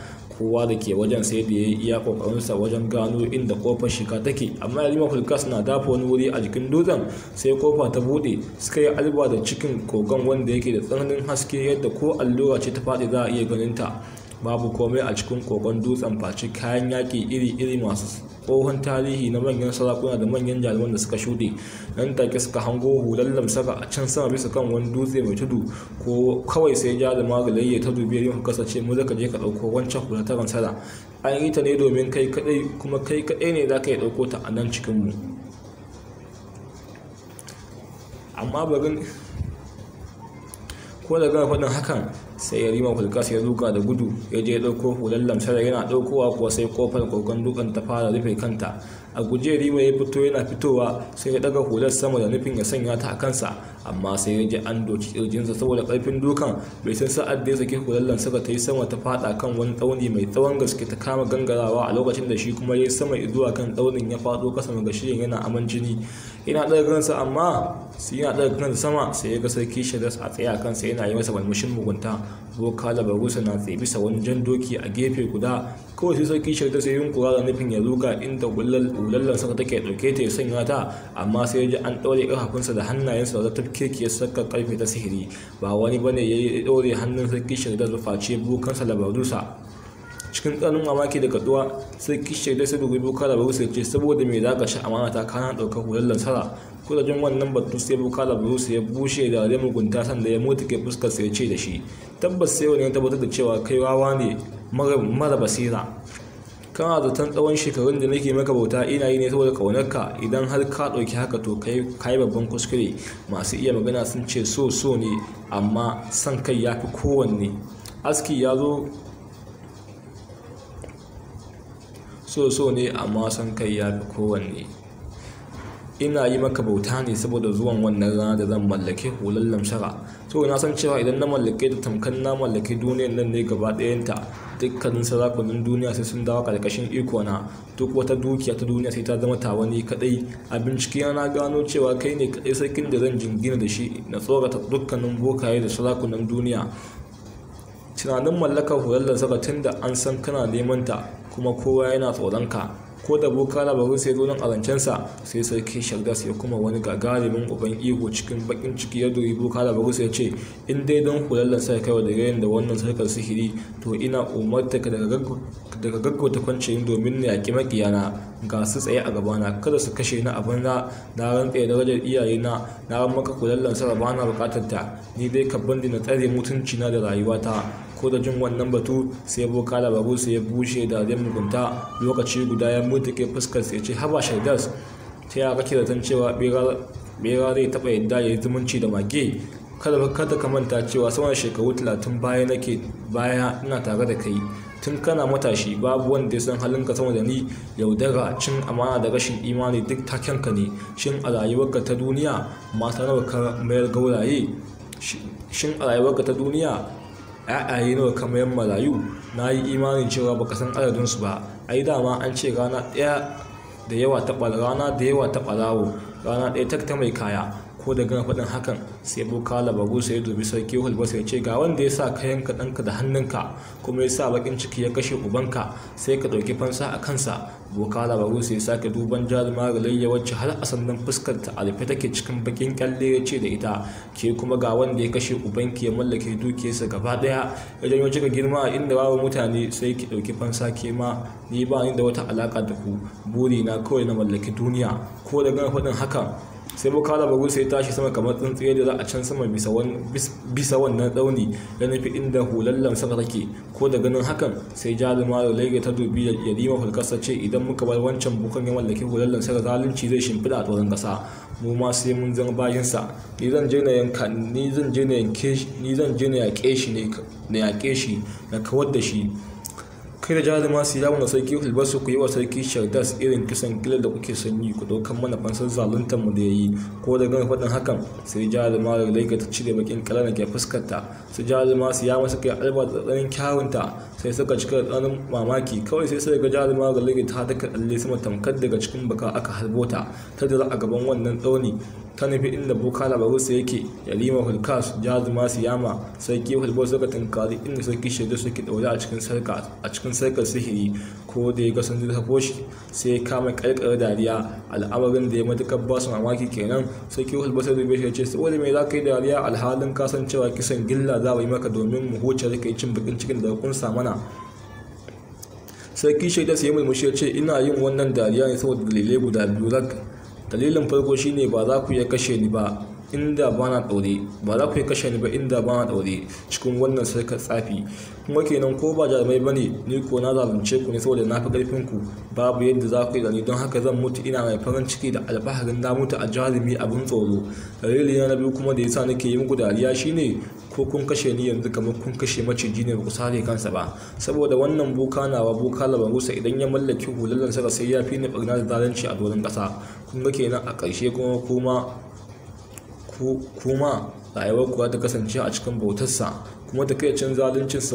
kowa da ke wajen sai da ya yi iya kokarinsa wajen gano inda kofar shiga take amma liverpool gas na dafa wani wuri a jikin dutsen sai kofa ta bude suka yi alba da cikin kogon wanda yake da tsananin haske yadda ko allura ce ta faɗi za a iya ganin ta babu komai a cikin kogon dutsen face kayan yaƙi iri-iri masu tsohon tarihi na manyan sarakuna da manyan jaruman da suka shuɗe nan take suka hango hular lamsaka a can sama bisa kan wani dutse mai tudu ko kawai sai jaruma galayya ta dubi yin kasa ce mu zaka je ka ɗauko wancan hular ta ransara an yi ta ne domin kai kaɗai kuma kai kaɗai ne za ka yi ɗauko ta a nan cikinmu amma bari ko da gara faɗin hakan sai ya rima fulkas ya zuka da gudu ya je ya ɗauko hular lamsarar yana ɗaukowa kuwa sai kofar kogon dukan ta fara rufe kanta a guje rima ya fito yana fitowa sai ya ɗaga hular sama da nufin ya sanya ta a kansa amma sai ya ji an doki kirjinsa saboda karfin dukan bai san sa'ad da ya saki hulallan saka ta yi sama ta fada kan wani tsauni mai tsawon gaske ta kama gangarawa a lokacin da shi kuma ya yi sama zuwa kan tsaunin ya fado kasa ga shirin yana aman jini yana ɗaga kansa amma sai yana ɗaga kansa sama sai ya ga sarki shadas a tsaye a kansa yana yi masa balmushin mugunta boka da barusa na tsaye bisa wani jan doki a gefe guda kawai sai sarki shadas ya kura da nufin ya zuga inda hulallan saka take ɗauke ta ya sanya ta amma sai ya ji an ɗaure ƙafafunsa da hannayensa da ta kirki ya saka karfe ta sihiri ba wani bane ya yi ɗore hannun sarki shaidar face bukansa labarusa cikin tsanin mamaki da kaduwa sarki shaidar sai dubi buka ya ce saboda mai zaka ka sha amana ta kana dauka hular lansara jin wannan batu sai buka labarusa ya bushe da mugunta da ya mutu ke fuskar sai ce da shi tabbas sai wani ya tabbatar da cewa kai wawa ne mara basira kana zaton tsawon shekarun da nake maka bauta ina yi ne saboda kaunarka idan har ka ɗauki haka to kai babban kuskure masu iya magana sun ce so so ne amma son kai ya fi kowanne aski ya zo so so ne amma son kai ya fi kowanne ina yi maka bauta ne saboda zuwan wannan rana da zan mallake hulallam shara so na san cewa idan na mallake da tamkan na mallake duniyar nan ne gaba ɗayanta dukkanin sarakunan duniya sai sun dawo karkashin iko na duk wata dukiya ta duniya sai ta zama tawa ne kadai a bincike na gano cewa kai ne kadai sarkin da zan jingina da shi na tsorata dukkanin bokaye da sarakunan duniya tunanin mallakar hular da tun da an san kana neman ta kuma kowa yana tsoron ka ko da boka labaru sai zo nan a rancensa sai sarki shardas ya kuma wani gagarumin uban ihu cikin bakin ciki ya doyi boka labaru sai ce in dai don hulallar sai kai da yayin da wannan sarkar sihiri to ina umartaka daga gaggauta kwanciyin domin na yaƙi makiyana ga su tsaye a gabana kada su kashe ni a na na rantsa darajar iyaye na na maka kulallan sarabana bukatar ta ni dai kabban da na tsare mutunci na da rayuwata ko da jin wannan batu sai boka da babu sai ya bushe da zai mugunta lokaci guda ya ke fuskar sai ce haba shaidas ta ya kake tan cewa bera zai taba yadda ya yi zumunci da mage kada kada ka manta cewa sama shekaru talatin baya nake baya ina tare da kai tun kana matashi babu wanda ya san halinka sama da ni yaudara cin amana da rashin imani duk takenka ne shin a rayuwarka ta duniya masu nawa ka mayar gauraye shin a rayuwarka ta duniya 'ya'yaye nawa ka yan marayu na yi imanin cewa baka san adadinsu ba ai dama an ce rana ɗaya da yawa ta rana da yawa ta rana ɗaya ta mai kaya ko da gana faɗin hakan sai bukala bagu sai ya dubi sarki yuhul ya ce ga wanda ya sa ka ɗanka da hannunka kuma ya sa bakin ciki ya kashe ubanka sai ka ɗauki fansa a kansa bukala bagu sai ya sake duban jarumar layya wacce har a sannan fuskar ta alfe take cikin bakin kyalle ya ce da ita ke kuma ga wanda ya kashe ubanki ya mallake dukiyarsa gaba ɗaya ya janyo cika girma a inda babu mutane sai ki ɗauki fansa ke ma ni ba ni da wata alaƙa da ku burina kawai na mallaki duniya ko da gana faɗin hakan sai bukala bugu sai tashi sama kamar tsuntsiye da za a can sama bisa wannan tsauni da nufi inda hulallan sama take ko da ganin hakan sai jalima da laiga ta dubi yadima hulkarsa ce idan muka bar wancan bukan ya mallaki hulallan sai zalunci zai shimfiɗa a tsoron ƙasa mu ma sai mun zama zan je na ni zan je na yanke shi na yaƙe shi na kawar da shi kai da masu su yawon sarki su ku yi wa sarki shardas irin kisan kilar da kuke son yi ku dokan mana fansar zaluntar mu da ya yi ko da gama faɗin hakan sai jaruma da laika ta cire bakin kalar da ke fuskarta su jaruma masu yi masu kai alba da tsananin kyawunta sai suka cika da tsananin mamaki kawai sai sai ga jaruma da laika ta haɗa kaɗalle sama tamkar daga cikin baka aka harbo ta ta za a gaban wannan tsauni ta nufi inda boka labarusa yake yalima hulkas jazuma yama sarki hulbar suka tunkari inda sarki shaidu suke daure a cikin a cikin sarkar sihiri ko da ya ga sun zurfafo sai kama karkar dariya al'amarin da ya matukar ba su mamaki kenan sarki hulbar sai dube ya ce saboda me za ka yi dariya alhalin kasancewa kisan gilla za a yi maka domin mu huce da kai cin bakin cikin da kunsa mana sarki shaidu sai ya murmushi ya ce ina yin wannan dariya ne saboda dalilai guda biyu dalilin farko shine ba za ku iya kashe ni ba inda ba na ɗaure ba za ku yi kashe ni ba inda ba na ɗaure cikin wannan sarkar tsafi kuma kenan ko ba jarumai ba ne ni ko na zalunce ku ne saboda na fi ƙarfin ku babu yadda za ku yi da ni don haka zan mutu ina mai farin ciki da alfaharin na mutu a jarumi abin tsoro dalili na biyu kuma da yasa nake yin gudariya shine ko kun kashe ni yanzu kamar kun kashe maciji ne ba ku sare kansa ba saboda wannan boka nawa boka labarusa idan ya mallaki hulalansa lansara sai ya fi ni barna da zalunci a doron ƙasa kun ga kenan a ƙarshe kuma kuma kuma rayuwar kuwa ta kasance a cikin bautarsa kuma ta kai cin sa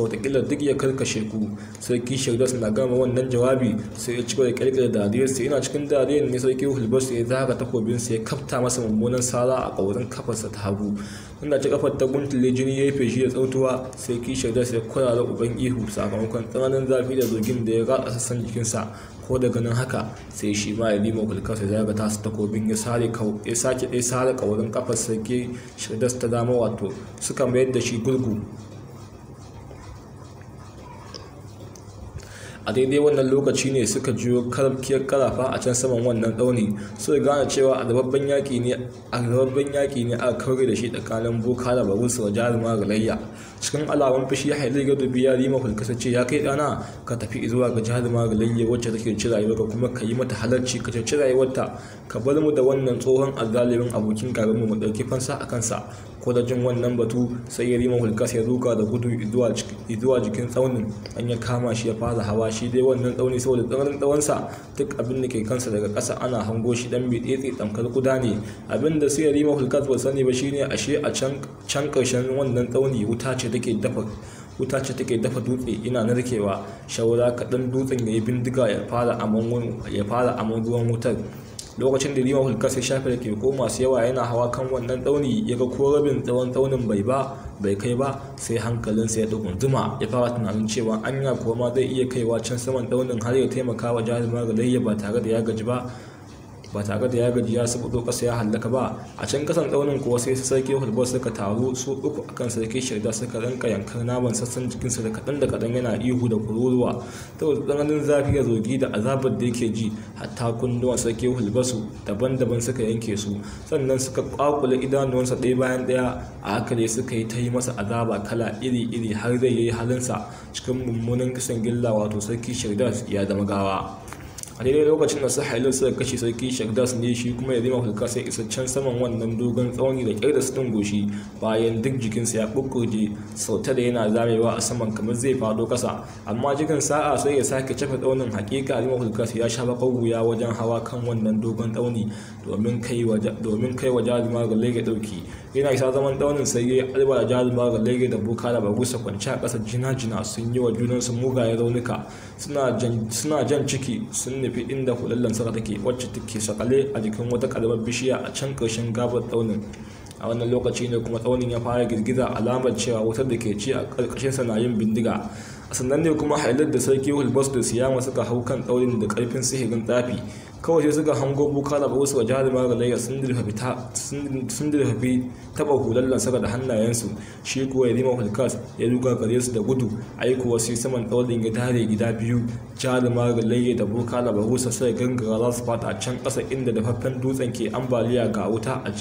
watakila duk ya karkashe ku sarki shaidas na gama wannan jawabi sai ya ci da kirkira dariyarsa yana cikin dariyar ne sarki hulbarsa ya zaga takobinsa ya kafta masa mummunan sara a ƙaurin kafarsa ta hagu inda ci kafar ta guntule jini ya yi feshi da tsautuwa sarki shaidas ya da uban ihu sakamakon tsananin zafi da zogin da ya ratsa sassan jikinsa ko da ganin haka sai shi ma ya lima kulkar sai zaga ta su kobin ya sare ya sake ɗaya sare kaurin kafar sarki shirdas ta dama wato suka mayar da shi gurgu a daidai wannan lokaci ne suka jiyo karfiyar karafa a can saman wannan ɗauni su gane cewa a rababben yaƙi ne a rababben a kaure da shi tsakanin bukara barus wa jarumar ralayya cikin alamun fushi ya haili gado biya rima hulkasa ce ya kai dana ka tafi zuwa ga jihar magalayya wacce take ci ka kuma ka yi mata halarci ka ci rayuwarta ka bar mu da wannan tsohon azalimin abokin gaban mu mu dauki fansa a kansa ko da jin wannan batu sai ya rima hulkasa ya zuka da gudu zuwa jikin tsaunin an ya kama shi ya fara hawa shi dai wannan tsauni saboda tsananin tsawonsa duk abin da ke kansa daga ƙasa ana hango shi dan mai tsetse tamkar kuda ne abin da sai ya rima hulkasa ba sani ba shine ashe a can ƙarshen wannan tsauni wuta ce take dafa wuta ce take dafa dutse ina narkewa shawara kaɗan dutsen ya yi bindiga ya fara amon ruwan wutar lokacin da rima hulka sai shafi da teku masu yawa yana hawa kan wannan tsauni ya ga ko rabin tsawon tsaunin bai ba bai kai ba sai hankalin hankalinsa ya dugunzuma ya fara tunanin cewa anya kuwa koma zai iya kaiwa can saman tsaunin har ya taimaka wa jarumar ya ba tare da ya gaji ba ba tare da ya gaji ya doka ƙasa ya hallaka ba a can kasan tsaunin kuwa sai sarki hulbar suka taru su uku akan sarki shaida suka ranka yankar naman sassan jikinsa da kaɗan da kaɗan yana ihu da kururuwa saboda tsananin zafi ya zogi da azabar da yake ji hatta kunduwan sarki su daban-daban suka yanke su sannan suka kwakule idanuwansa ɗaya bayan ɗaya a hankali suka yi ta yi masa azaba kala iri-iri har zai yi halinsa cikin mummunan kisan gilla wato sarki shaida ya zama gawa. a daidai lokacin da su hailun suka kashe sarki shagdas ne shi kuma ya zima hulka sai isa can saman wannan dogon tsauni da kyar da sutun goshi bayan duk jikinsa ya kukurje sauta da yana zamewa a saman kamar zai fado kasa amma jikin sa'a sai ya sake cafa tsaunin hakika zima hulka ya sha bakon wuya wajen hawa kan wannan dogon tsauni domin kai wa jazima ga lege dauki yana isa zaman daunin sai ya yi alba da jarumar da lege da buka da bagusa kwanci a ƙasa jina-jina sun yi wa junan su mugaye raunuka suna jan ciki sun nufi inda hular lansara take wacce take sakale a jikin wata karamar bishiya a can karshen gabar daunin a wannan lokaci ne kuma tsaunin ya fara girgiza alamar cewa wutar da ke ci a ƙarƙashin na yin bindiga a sannan ne kuma hailar da sarki da siyama suka hau kan tsaunin da ƙarfin sihirin tsafi kawai sai suka hango buka da wasu wa jihar magalayya sun dirhafi taba hular saka da hannayensu shi kuwa ya zima hulkas ya duka gare su da gudu wasu yi saman tsawon ya dare gida biyu jihar magalayya da buka da bahusa sai gangara za su fata a can ƙasa inda dafaffen dutsen ke ambaliya ga wuta a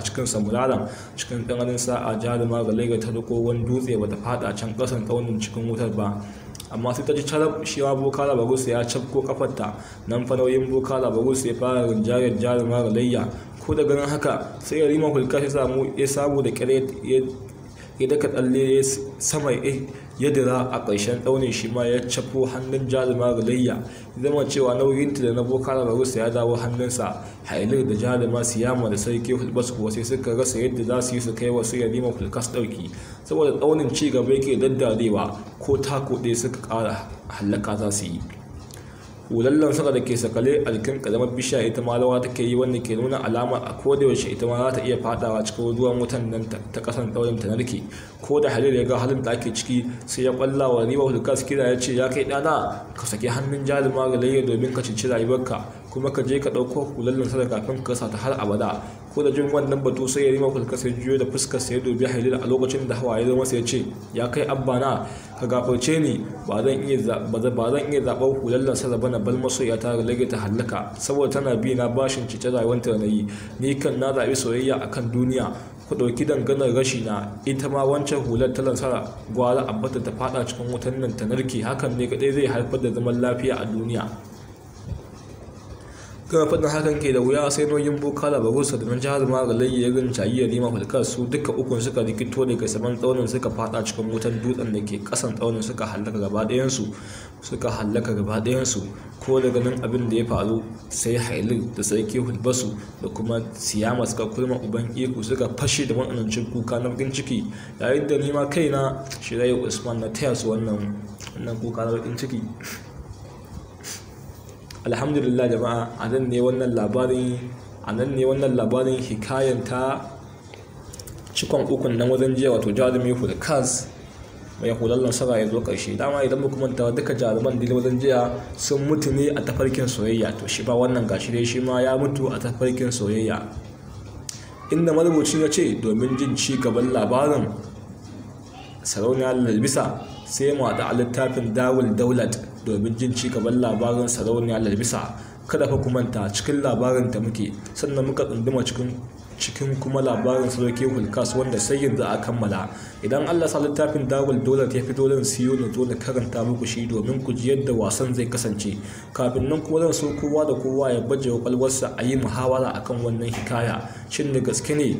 cikin samuraran cikin ɗan sa'a jihar magalayya ta riko wani dutse ta fada a can kasan tsaunin cikin wutar ba amma sai ta ji carab shewa boka bagus ya cafko kafarta nan fa nauyin boka bagus ya fara rinjayar jarumar galayya ko da ganin haka sai ya rima hulka ya samu da kare ya daka tsalle ya sama ya dira a ƙarshen tsaunin shi ma ya cafo hannun jaruma layya zama cewa nauyinta da na boka labarusa ya dawo hannunsa hailir da jaruma siyama da sarki hulbas kuwa sai suka rasa yadda za su yi su kai wasu yarima hulkas ɗauki saboda tsaunin ci gaba yake daddarewa ko tako ɗaya suka ƙara hallaka za su yi hulallan saka da ke sakale alkin ƙaramar bishiya ita ma rawa ke yi wanda ke nuna alama a kodayaushe ita ma za ta iya fadawa cikin ruwan wutan nan ta ƙasar ɗaurin ta narke ko da halil ya ga halin da ake ciki sai ya ƙwalla wa riwa hulkas kira ya ce ya kai ɗana ka saki hannun jarumar ga layya domin ka cinci rayuwarka kuma ka je ka ɗauko hular nan sadaka kafin ka sata har abada ko da jin wannan batu sai ya rima kulka sai juyo da fuska sai dubi halil a lokacin da hawaye zama sai ya ce ya kai abba ka gafarce ni ba zan iya zaɓar hular nan sadaka na bal masoya ta rage ta hallaka saboda tana bi na bashin cice rayuwar ta na yi ni kan na zaɓi soyayya a kan duniya ku ɗauki danganar rashi na ita ma wancan hular ta lansara gwara abbata ta fada cikin wutan nan ta narke hakan ne kaɗai zai haifar da zaman lafiya a duniya kuma faɗin hakan ke da wuya sai noyin da barusa da jihar magalai ya ta yi nema falkar su duka ukun suka rikito daga saman tsaunin suka fada cikin wutan dutsen da ke kasan tsaunin suka hallaka gaba ɗayansu suka hallaka gaba ɗayansu ko da ganin abin da ya faru sai hailu da sarki hulbasu da kuma siyama suka kulma uban iko suka fashe da matsanancin kuka na bakin ciki yayin da nima kaina shirayi usman na taya su wannan kuka na bakin ciki alhamdulillah jama'a a nan ne wannan labarin a nan ne wannan labarin hikayen ta cikon ukun nan wajen jiya wato jarumi kars mai hular nasara ya zo karshe dama idan muka manta duka jaruman da wajen jiya sun mutu ne a tafarkin soyayya to shi ba wannan gashi dai shi ma ya mutu a tafarkin soyayya inda marubucin ya ce domin jin ci gaban labarin sarauniya lalbisa sai mu da a littafin dawul daulat domin jin ci gaban labarin sarauniya lalbisa kada fa kumanta cikin labarin ta muke sannan muka tsunduma cikin cikin kuma labarin sarki hulkas wanda sai yanzu a kammala idan allah sa littafin dawul dole ta fi zan siyo na zo na karanta muku shi domin ku ji yadda wasan zai kasance kafin nan kuma zan so kowa da kowa ya baje kwakwalwarsa a yi muhawara akan wannan hikaya shin da gaske ne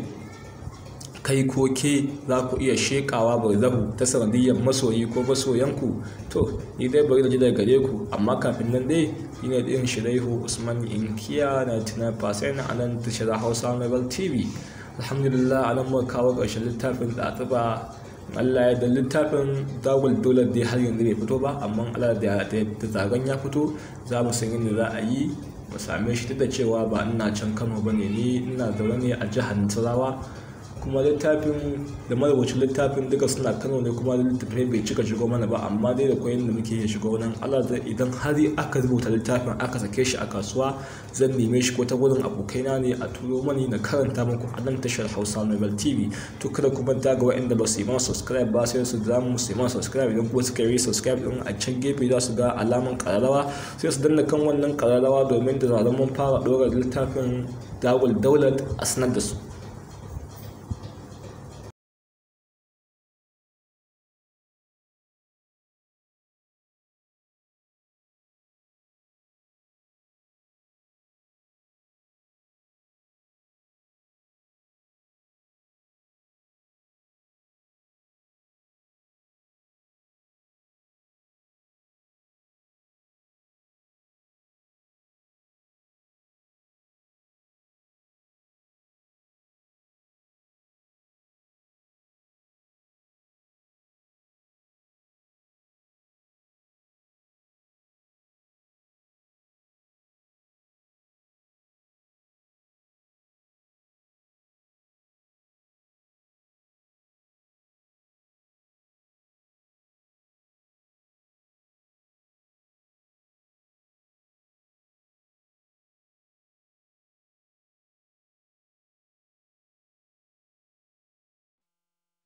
kai ko ke za ku iya shekawa ba barzahu ta sanadiyar masoyi ko masoyanku to ni dai bari da ji daga gare ku amma kafin nan dai ni ne din shiraihu usman inkiya na tuna fasai na anan tashar hausa mobile tv alhamdulillah anan muka kawo ƙarshen littafin da ta Allah ya da littafin dagul dole dai har yanzu bai fito ba amma Allah da zagon ya fito za mu san yadda za a yi mu same shi duk da cewa ba ina can Kano bane ni ina zaune ne a jihar Nasarawa kuma littafin da marubucin littafin duka suna kano ne kuma littafin bai cika shigo mana ba amma dai da koyin da muke shigo nan allah da idan har aka rubuta littafin aka sake shi a kasuwa zan neme shi ko ta gurin abokaina ne a turo mani na karanta muku a nan tashar hausa novel tv to kada ku manta ga waɗanda ba su yi ma subscribe ba sai su zama su yi ma subscribe idan kuma suka yi subscribe din a can gefe za su ga alaman kararrawa sai su danna kan wannan kararrawa domin da zaran mun fara ɗora littafin dawul daulat a sanar da su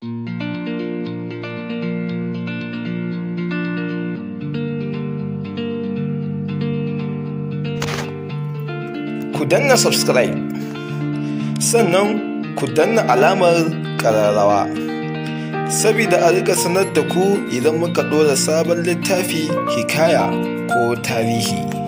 Ku danna subscribe sannan ku danna alamar ƙararrawa saboda a rika sanar da ku idan muka ɗora sabon littafi hikaya ko tarihi.